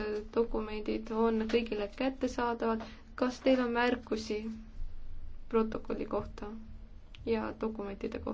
esitatud dokumendid on kõigile kättesaadavad. kas teil on märkusi protokolli kohta ja dokumentide kohta?